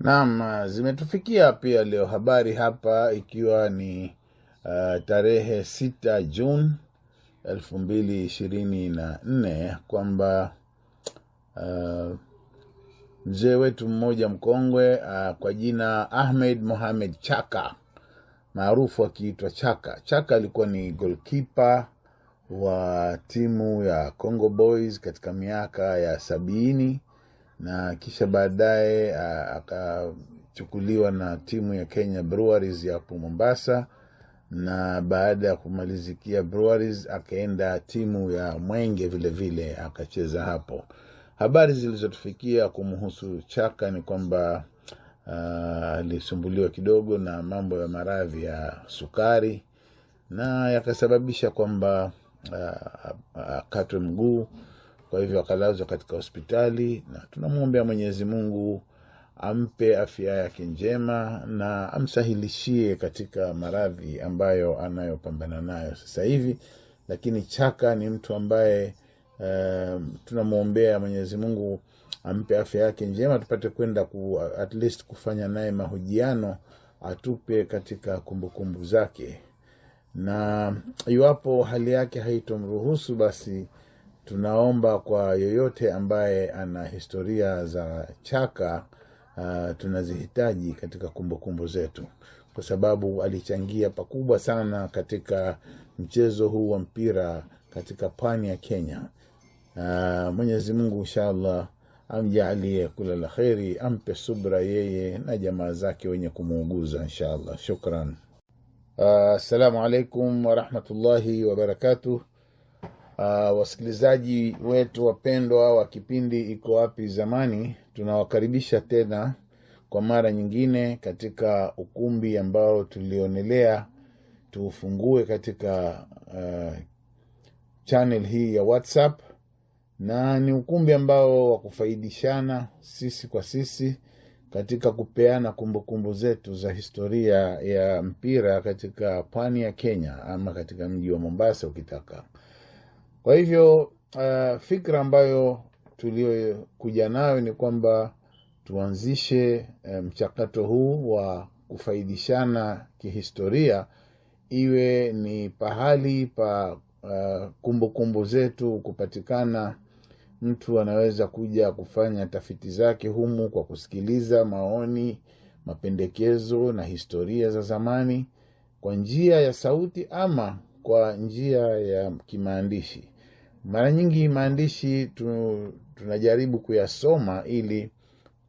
Naam, zimetufikia pia leo habari hapa, ikiwa ni uh, tarehe sita Juni elfu mbili ishirini na nne kwamba uh, mzee wetu mmoja mkongwe uh, kwa jina Ahmed Mohamed Chaka maarufu akiitwa Chaka. Chaka alikuwa ni golkipa wa timu ya Congo Boys katika miaka ya sabini na kisha baadaye akachukuliwa na timu ya Kenya Breweries ya hapo Mombasa, na baada ya kumalizikia Breweries akaenda timu ya Mwenge vilevile akacheza hapo. Habari zilizotufikia kumhusu Chaka ni kwamba alisumbuliwa uh, kidogo na mambo ya maradhi ya sukari na yakasababisha kwamba akatwe uh, uh, mguu kwa hivyo akalazwa katika hospitali, na tunamwombea Mwenyezi Mungu ampe afya yake njema na amsahilishie katika maradhi ambayo anayopambana nayo sasa hivi. Lakini Chaka ni mtu ambaye uh, eh, tunamwombea Mwenyezi Mungu ampe afya yake njema, tupate kwenda ku, at least kufanya naye mahojiano, atupe katika kumbukumbu kumbu zake, na iwapo hali yake haitomruhusu basi Tunaomba kwa yeyote ambaye ana historia za chaka uh, tunazihitaji katika kumbukumbu zetu, kwa sababu alichangia pakubwa sana katika mchezo huu wa mpira katika pwani ya Kenya. Uh, Mwenyezi Mungu inshallah amjaalie kula la kheri, ampe subra yeye na jamaa zake wenye kumuuguza inshaallah Shukran. Ah, assalamu alaikum warahmatullahi wabarakatuh. Uh, wasikilizaji wetu wapendwa wa kipindi Iko Wapi Zamani, tunawakaribisha tena kwa mara nyingine katika ukumbi ambao tulionelea tuufungue katika uh, ah, chanel hii ya WhatsApp, na ni ukumbi ambao wa kufaidishana sisi kwa sisi katika kupeana kumbukumbu zetu za historia ya mpira katika pwani ya Kenya ama katika mji wa Mombasa ukitaka kwa hivyo uh, fikra ambayo tuliokuja nayo ni kwamba tuanzishe uh, mchakato um, huu wa kufaidishana kihistoria iwe ni pahali pa uh, kumbukumbu uh, kumbu zetu kupatikana. Mtu anaweza kuja kufanya tafiti zake humu kwa kusikiliza maoni, mapendekezo na historia za zamani kwa njia ya sauti ama kwa njia ya kimaandishi. Mara nyingi maandishi tu, tunajaribu kuyasoma ili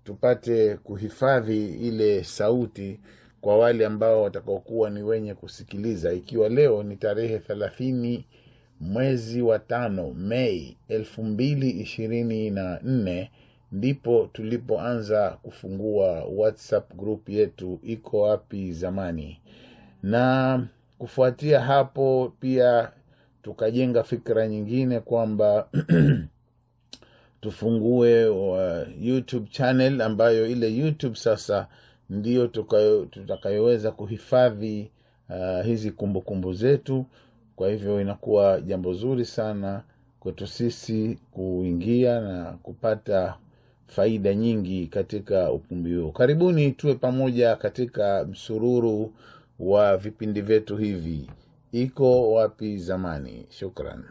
tupate kuhifadhi ile sauti kwa wale ambao watakaokuwa ni wenye kusikiliza. Ikiwa leo ni tarehe thelathini mwezi wa tano Mei elfu mbili ishirini na nne ndipo tulipoanza kufungua WhatsApp group yetu iko wapi zamani, na kufuatia hapo pia tukajenga fikira nyingine kwamba tufungue uh, YouTube channel ambayo ile YouTube sasa ndio tutakayoweza kuhifadhi uh, hizi kumbukumbu kumbu zetu. Kwa hivyo inakuwa jambo zuri sana kwetu sisi kuingia na kupata faida nyingi katika ukumbi huo. Karibuni tuwe pamoja katika msururu wa vipindi vyetu hivi iko wapi zamani. Shukran.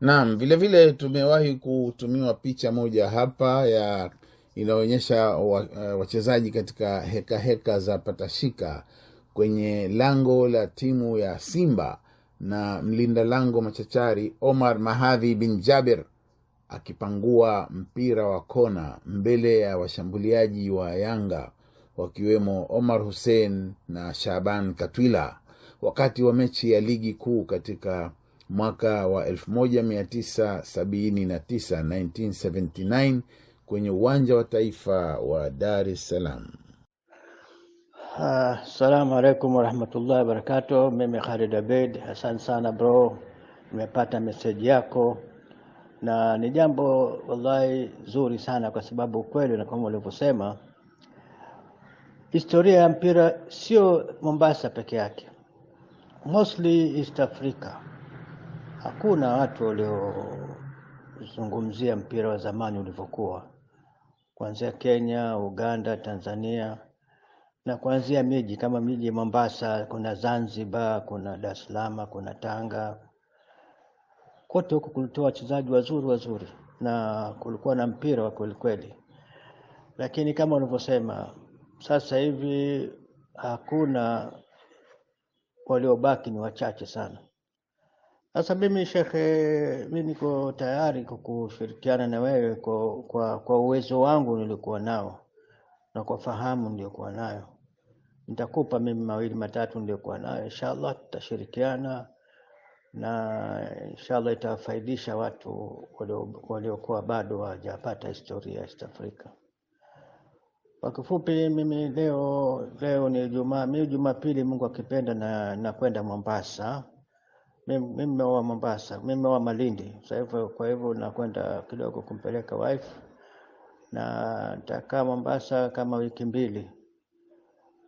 Naam, vilevile tumewahi kutumiwa picha moja hapa ya inaonyesha eh, wachezaji katika hekaheka heka za patashika kwenye lango la timu ya Simba na mlinda lango machachari Omar Mahadhi bin jaber akipangua mpira wa kona mbele ya washambuliaji wa Yanga wakiwemo Omar Hussein na Shaban Katwila wakati wa mechi ya ligi kuu katika mwaka wa 1979 1979 kwenye uwanja wa taifa wa Dar es Salaam. Ah, assalamu alaikum warahmatullahi wabarakatuh. Mimi Khalid Abed, hasan sana bro, nimepata meseji yako na ni jambo wallahi zuri sana, kwa sababu ukweli na kama ulivyosema, historia ya mpira sio Mombasa peke yake mostly East Africa. Hakuna watu waliozungumzia mpira wa zamani ulivyokuwa, kuanzia Kenya, Uganda, Tanzania na kuanzia miji kama miji ya Mombasa, kuna Zanzibar, kuna Dar es Salaam, kuna Tanga. Kote huko kulitoa wachezaji wazuri wazuri na kulikuwa na mpira wa kwelikweli, lakini kama unavyosema sasa hivi hakuna waliobaki ni wachache sana. Sasa mimi shekhe, mimi niko tayari kwa kushirikiana na wewe kwa, kwa, kwa uwezo wangu nilikuwa nao na kwa fahamu niliyokuwa nayo. Nitakupa mimi mawili matatu niliyokuwa nayo, inshallah tutashirikiana na inshallah itawafaidisha watu waliokuwa bado hawajapata historia ya East Africa. Kwa kifupi mimi leo leo ni Ijumaa, mimi Jumapili Mungu akipenda na nakwenda Mombasa. Mimi mmeoa Mombasa, mimi mmeoa Malindi. Sasa hivyo kwa hivyo nakwenda kidogo kumpeleka wife na nitakaa Mombasa kama wiki mbili,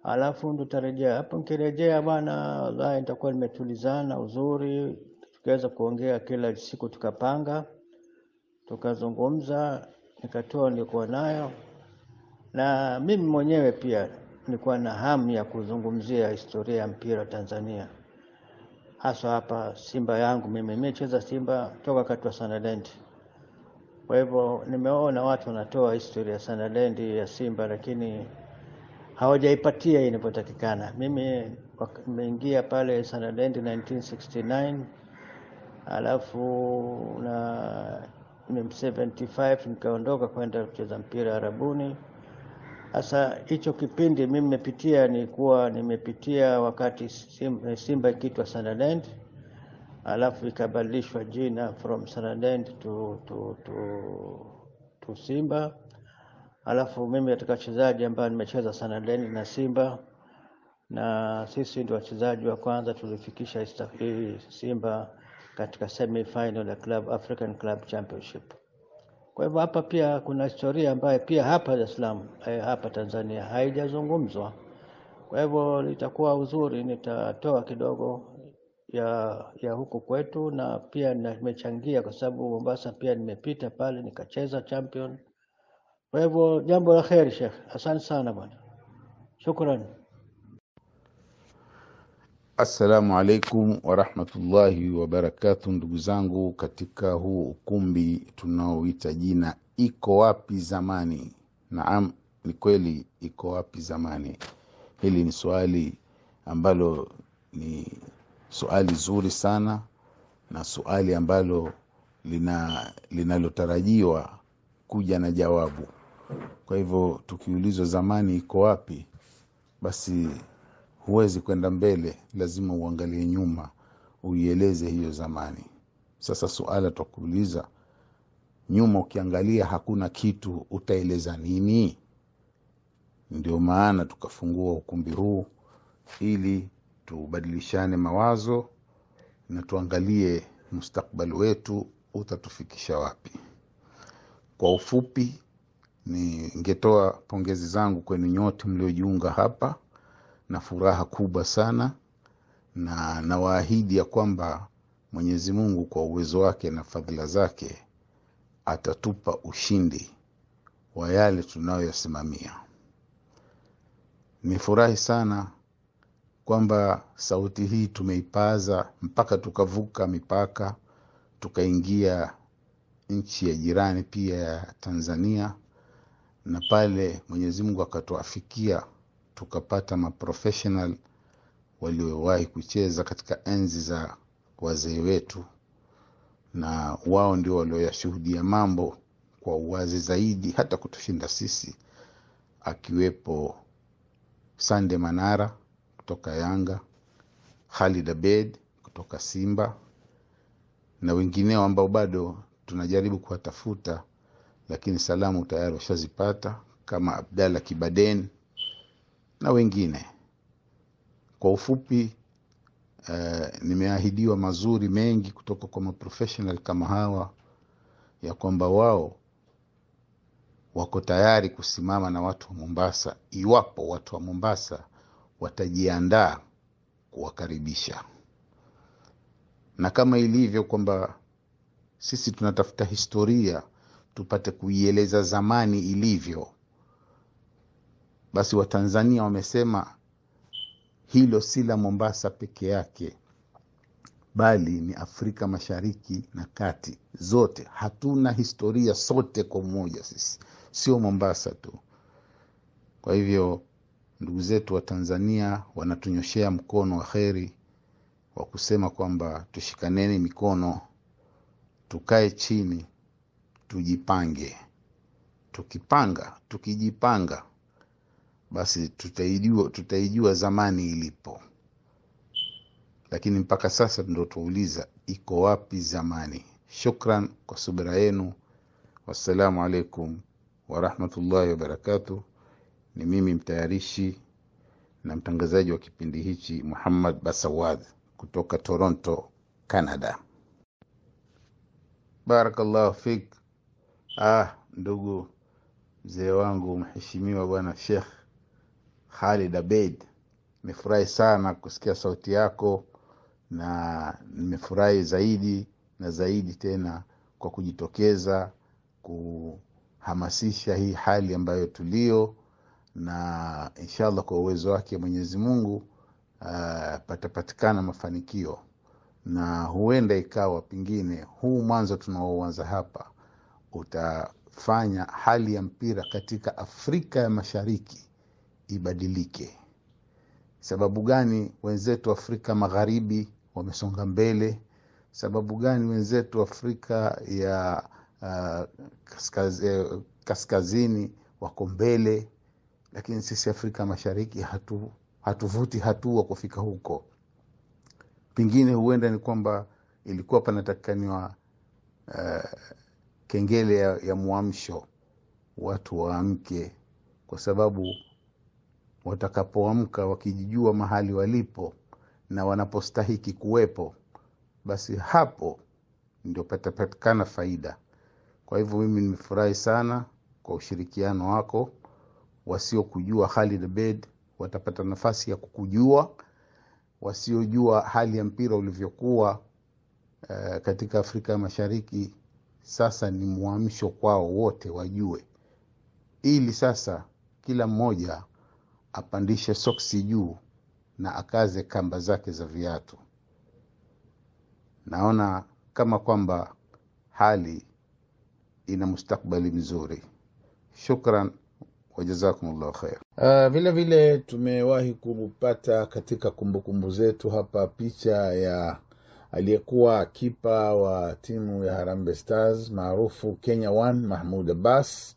alafu ndo tarejea hapo. Nikirejea bwana, wallahi nitakuwa nimetulizana uzuri, tukaweza kuongea kila siku, tukapanga, tukazungumza, nikatoa nilikuwa nayo na mimi mwenyewe pia nilikuwa na hamu ya kuzungumzia historia ya mpira wa Tanzania, haswa hapa Simba yangu mimi. Nimecheza Simba toka wakati wa Sanaland, kwa hivyo nimeona watu wanatoa historia ya Sanaland ya Simba, lakini hawajaipatia inapotakikana. Mimi nimeingia pale Sanaland 1969 alafu na 75 nikaondoka kwenda kucheza mpira Arabuni. Sasa hicho kipindi mimi nimepitia, nilikuwa nimepitia wakati eh, Simba, ikiitwa Sanaland alafu ikabadilishwa jina from Sunderland to, to, to, to Simba. Alafu mimi katika wachezaji ambao nimecheza Sunderland na Simba, na sisi ndio wachezaji wa kwanza tulifikisha eh, Simba katika semi final ya Club African Club Championship. Kwa hivyo hapa pia kuna historia ambayo pia hapa Dar es Salaam eh, hapa Tanzania haijazungumzwa. Kwa hivyo litakuwa uzuri, nitatoa kidogo ya ya huku kwetu, na pia nimechangia kwa sababu Mombasa pia nimepita pale nikacheza champion. Kwa hivyo jambo la kheri Sheikh, asante sana bwana, shukrani. Assalamu alaikum warahmatullahi wabarakatu, ndugu zangu katika huu ukumbi tunaoita jina iko wapi zamani. Naam, ni kweli, iko wapi zamani? Hili ni swali ambalo ni suali zuri sana na suali ambalo lina linalotarajiwa kuja na jawabu. Kwa hivyo tukiulizwa zamani iko wapi, basi huwezi kwenda mbele, lazima uangalie nyuma, uieleze hiyo zamani. Sasa suala twakuuliza, nyuma ukiangalia hakuna kitu, utaeleza nini? Ndio maana tukafungua ukumbi huu ili tubadilishane mawazo na tuangalie mustakbali wetu utatufikisha wapi. Kwa ufupi, ningetoa pongezi zangu kwenu nyote mliojiunga hapa na furaha kubwa sana, na nawaahidi ya kwamba Mwenyezi Mungu kwa uwezo wake na fadhila zake atatupa ushindi wa yale tunayoyasimamia. Nifurahi sana kwamba sauti hii tumeipaza mpaka tukavuka mipaka tukaingia nchi ya jirani pia ya Tanzania, na pale Mwenyezi Mungu akatuafikia tukapata maprofessional waliowahi kucheza katika enzi za wazee wetu, na wao ndio walioyashuhudia mambo kwa uwazi zaidi hata kutushinda sisi, akiwepo Sande Manara kutoka Yanga, Khalid Abed kutoka Simba na wengineo ambao bado tunajaribu kuwatafuta, lakini salamu tayari washazipata kama Abdalla Kibaden na wengine. Kwa ufupi uh, nimeahidiwa mazuri mengi kutoka kwa maprofessional kama hawa, ya kwamba wao wako tayari kusimama na watu wa Mombasa iwapo watu wa Mombasa watajiandaa kuwakaribisha, na kama ilivyo kwamba sisi tunatafuta historia tupate kuieleza zamani ilivyo. Basi Watanzania wamesema hilo si la Mombasa peke yake, bali ni Afrika Mashariki na Kati zote. Hatuna historia sote kwa moja sisi, sio Mombasa tu. Kwa hivyo ndugu zetu wa Tanzania wanatunyoshea mkono wa kheri wa kusema kwamba tushikaneni mikono, tukae chini, tujipange. Tukipanga, tukijipanga basi tutaijua, tutaijua zamani ilipo, lakini mpaka sasa ndo tuuliza iko wapi zamani. Shukran kwa subira yenu. Wassalamu alaikum warahmatullahi wabarakatuh. Ni mimi mtayarishi na mtangazaji wa kipindi hichi Muhammad Basawad kutoka Toronto, Canada. Barakallahu fik. Ah, ndugu mzee wangu mheshimiwa bwana Sheikh Khalid Abeid, nimefurahi sana kusikia sauti yako na nimefurahi zaidi na zaidi tena kwa kujitokeza kuhamasisha hii hali ambayo tulio na inshallah kwa uwezo wake Mwenyezi Mungu uh, patapatikana mafanikio na huenda ikawa pengine huu mwanzo tunaouanza hapa utafanya hali ya mpira katika Afrika ya Mashariki ibadilike. Sababu gani wenzetu Afrika Magharibi wamesonga mbele? Sababu gani wenzetu Afrika ya uh, kaskaz, eh, kaskazini wako mbele, lakini sisi Afrika Mashariki hatu, hatuvuti hatua kufika huko. Pengine huenda ni kwamba ilikuwa panatakikaniwa uh, kengele ya, ya mwamsho, watu waamke, kwa sababu watakapoamka wakijijua mahali walipo na wanapostahiki kuwepo, basi hapo ndio patapatikana faida. Kwa hivyo mimi nimefurahi sana kwa ushirikiano wako. Wasiokujua hali the bed watapata nafasi ya kukujua, wasiojua hali ya mpira ulivyokuwa uh, katika Afrika ya Mashariki sasa ni mwamsho kwao wote wajue, ili sasa kila mmoja apandishe soksi juu na akaze kamba zake za viatu. Naona kama kwamba hali ina mustakbali mzuri. Shukran wa jazakumullahu khair. Uh, vile vile tumewahi kupata katika kumbukumbu zetu hapa picha ya aliyekuwa kipa wa timu ya harambe Stars maarufu Kenya 1 Mahmud Abbas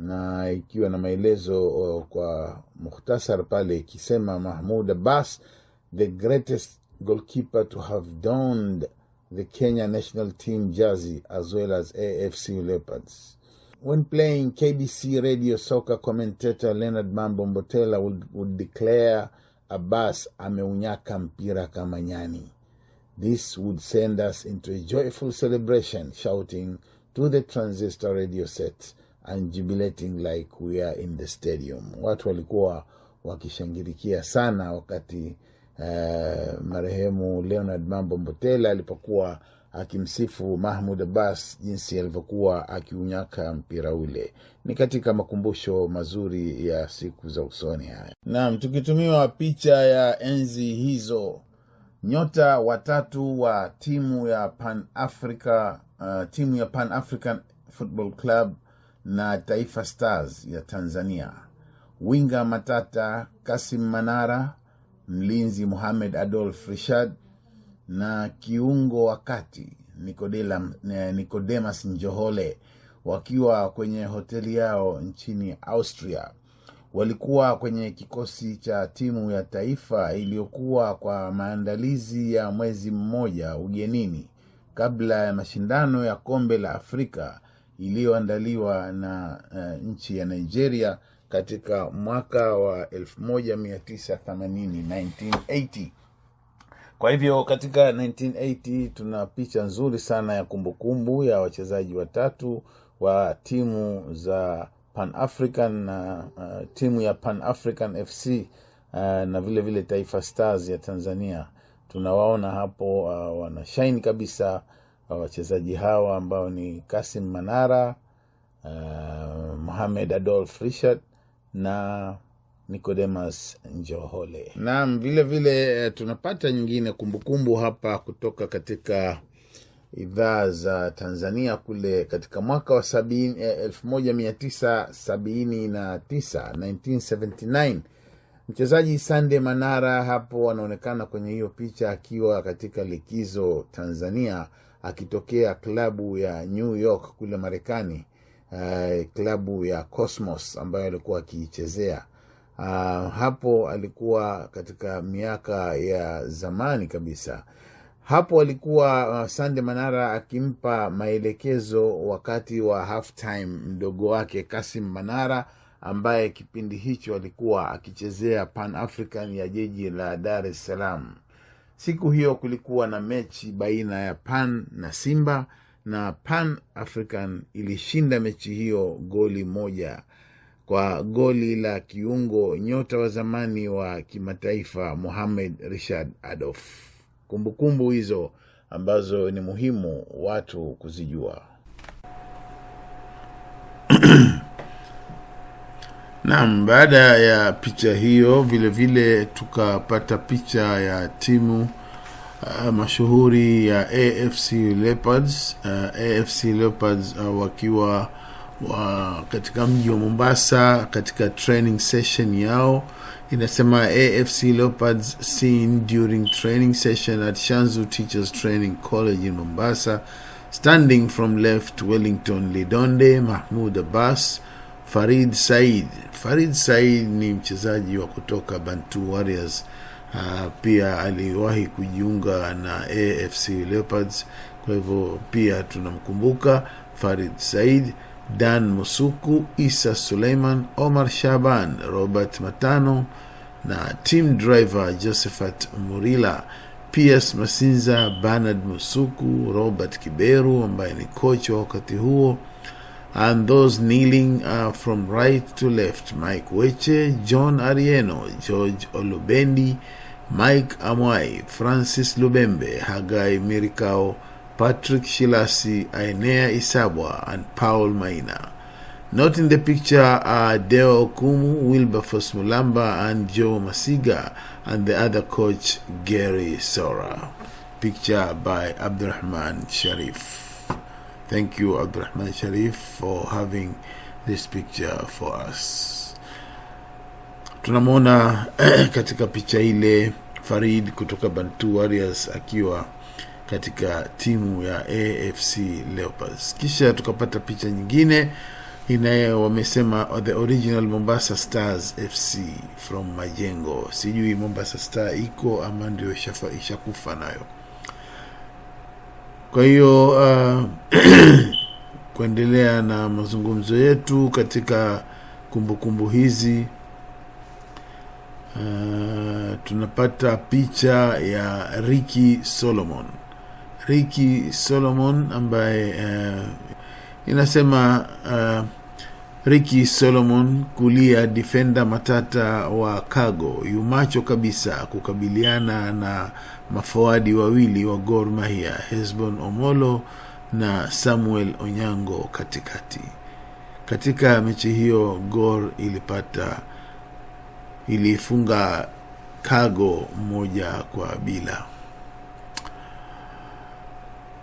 na ikiwa na maelezo kwa mukhtasar pale ikisema Mahmud Abbas the greatest goalkeeper to have donned the Kenya national team jersey as well as AFC Leopards. When playing KBC radio soccer commentator Leonard Mambo Mbotela would, would declare Abbas ameunyaka mpira kama nyani. This would send us into a joyful celebration shouting to the transistor radio set and jubilating like we are in the stadium. Watu walikuwa wakishangirikia sana wakati uh, marehemu Leonard Mambo Mbotela alipokuwa akimsifu Mahmud Abbas jinsi alivyokuwa akiunyaka mpira ule. Ni katika makumbusho mazuri ya siku za usoni haya. Naam, tukitumiwa picha ya enzi hizo, nyota watatu wa timu ya Pan Africa, uh, timu ya Pan African Football Club na Taifa Stars ya Tanzania. Winga matata Kasim Manara, mlinzi Mohamed Adolf Rishad na kiungo wa kati nikodemas Njohole wakiwa kwenye hoteli yao nchini Austria walikuwa kwenye kikosi cha timu ya taifa iliyokuwa kwa maandalizi ya mwezi mmoja ugenini kabla ya mashindano ya kombe la Afrika iliyoandaliwa na uh, nchi ya Nigeria katika mwaka wa 1980 Kwa hivyo katika 1980 tuna picha nzuri sana ya kumbukumbu ya wachezaji watatu wa timu za Pan African na uh, timu ya Pan African FC uh, eh, na vile vile Taifa Stars ya Tanzania. Tunawaona hapo uh, wanashaini kabisa wachezaji hawa ambao ni Kasim Manara, uh, Mohamed Adolf Richard na nicodemas Njohole. Naam, vile vile eh, tunapata nyingine kumbukumbu hapa kutoka katika idhaa za Tanzania kule katika mwaka wa sabini, eh, moja mia tisa sabini na tisa 1979 mchezaji Sande Manara hapo anaonekana kwenye hiyo picha akiwa katika likizo Tanzania akitokea klabu ya New York kule Marekani, uh, klabu ya Cosmos ambayo alikuwa akiichezea. Uh, hapo alikuwa katika miaka ya zamani kabisa. Hapo alikuwa uh, Sande Manara akimpa maelekezo wakati wa half time mdogo wake Kasim Manara ambaye kipindi hicho alikuwa akichezea Pan African ya jiji la Dar es Salaam. Siku hiyo kulikuwa na mechi baina ya Pan na Simba na Pan African ilishinda mechi hiyo goli moja kwa goli la kiungo nyota wa zamani wa kimataifa muhamed richard Adolf. Kumbukumbu hizo ambazo ni muhimu watu kuzijua. Naam, baada ya picha hiyo vile vile tukapata picha ya timu uh, mashuhuri ya AFC Leopards uh, AFC Leopards uh, wakiwa wa katika mji wa Mombasa katika training session yao inasema AFC Leopards seen during training session at Shanzu Teachers Training College in Mombasa standing from left Wellington Lidonde Mahmoud Abbas Farid Said. Farid Said ni mchezaji wa kutoka Bantu Warriors. Uh, pia aliwahi kujiunga na AFC Leopards, kwa hivyo pia tunamkumbuka Farid Said. Dan Musuku, Isa Suleiman, Omar Shaban, Robert Matano na team driver Josephat Murila, PS Masinza, Bernard Musuku, Robert Kiberu ambaye ni kocha wa wakati huo and those kneeling are uh, from right to left Mike Weche, John Arieno, George Olubendi, Mike Amwai, Francis Lubembe, Hagai Mirikao, Patrick Shilasi, Ainea Isabwa, and Paul Maina. Not in the picture are Deo Okumu, Wilbur Mulamba, and Joe Masiga, and the other coach, Gary Sora. Picture by Abdurrahman Sharif. Thank you, Abdurrahman Sharif, for having this picture for us. Tunamwona katika picha ile Farid kutoka Bantu Warriors akiwa katika timu ya AFC Leopards. Kisha tukapata picha nyingine inaye wamesema the original Mombasa Stars FC from Majengo. Sijui Mombasa Star iko ama ndio ishakufa nayo. Kwa hiyo uh, kuendelea na mazungumzo yetu katika kumbukumbu kumbu hizi uh, tunapata picha ya Ricky Solomon. Ricky Solomon ambaye uh, inasema uh, Ricky Solomon kulia defender matata wa kago yumacho kabisa kukabiliana na mafoadi wawili wa Gor Mahia, Hesbon Omolo na Samuel Onyango katikati. Katika mechi hiyo Gor ilipata ilifunga Kago moja kwa bila.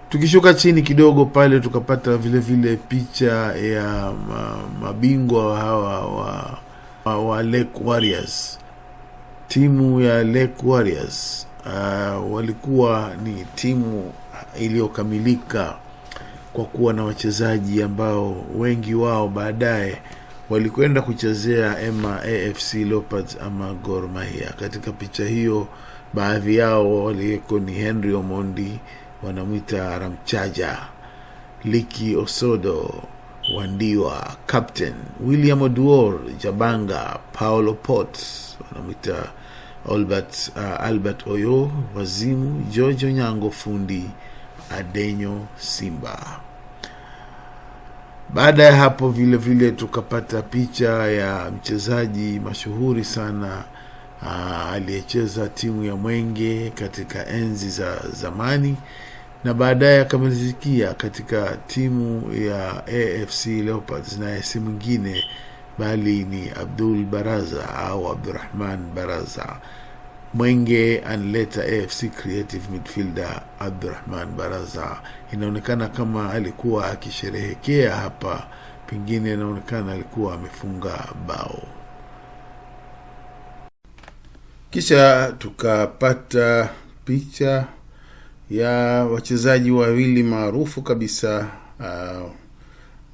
Tukishuka chini kidogo pale tukapata vile vile picha ya mabingwa hawa wa, wa, wa Lake Warriors, timu ya Lake Warriors uh, walikuwa ni timu iliyokamilika kwa kuwa na wachezaji ambao wengi wao baadaye walikwenda kuchezea ema AFC Leopards ama Gor Mahia. Katika picha hiyo, baadhi yao waliyeko ni Henry Omondi, wanamwita Ramchaja, Liki Osodo, Wandiwa, Captain William Oduor, Jabanga, Paulo pot wanamwita Albert, uh, Albert Oyo wazimu, Jojo Nyango fundi, Adenyo Simba. Baada ya hapo vile vile tukapata picha ya mchezaji mashuhuri sana uh, aliyecheza timu ya Mwenge katika enzi za zamani na baadaye akamalizikia katika timu ya AFC Leopards na si mwingine bali ni Abdul Baraza au Abdurrahman Baraza. Mwenge anleta AFC creative midfielder Abdurrahman Baraza. Inaonekana kama alikuwa akisherehekea hapa, pengine inaonekana alikuwa amefunga bao. Kisha tukapata picha ya wachezaji wawili maarufu kabisa uh,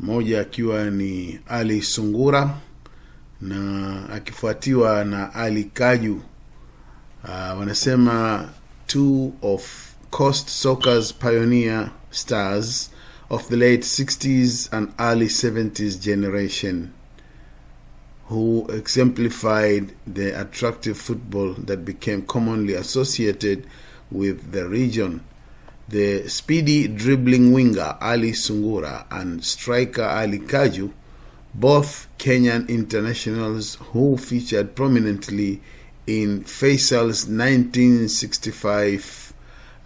mmoja akiwa ni Ali Sungura na akifuatiwa na Ali Kaju. Uh, wanasema two of Coast Soccer's pioneer stars of the late 60s and early 70s generation who exemplified the attractive football that became commonly associated with the region the speedy dribbling winger Ali Sungura and striker Ali Kaju, both Kenyan internationals who featured prominently in Faisal's 1965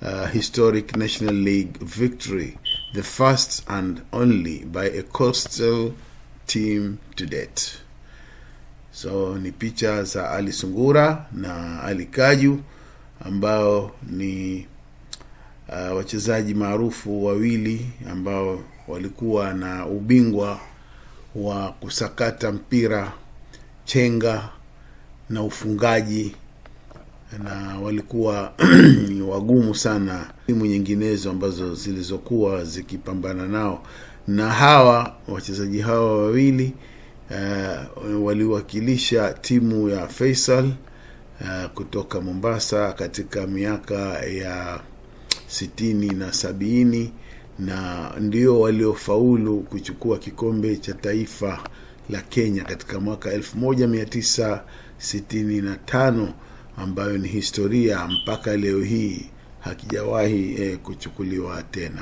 uh, historic National League victory, the first and only by a coastal team to date. So ni picha za Ali Sungura na Ali Kaju ambao ni uh, wachezaji maarufu wawili ambao walikuwa na ubingwa wa kusakata mpira chenga na ufungaji na walikuwa ni wagumu sana timu nyinginezo ambazo zilizokuwa zikipambana nao, na hawa wachezaji hawa wawili uh, waliwakilisha timu ya Faisal uh, kutoka Mombasa katika miaka ya sitini na sabini na ndio waliofaulu kuchukua kikombe cha taifa la Kenya katika mwaka 1965 ambayo ni historia mpaka leo hii hakijawahi eh, kuchukuliwa tena.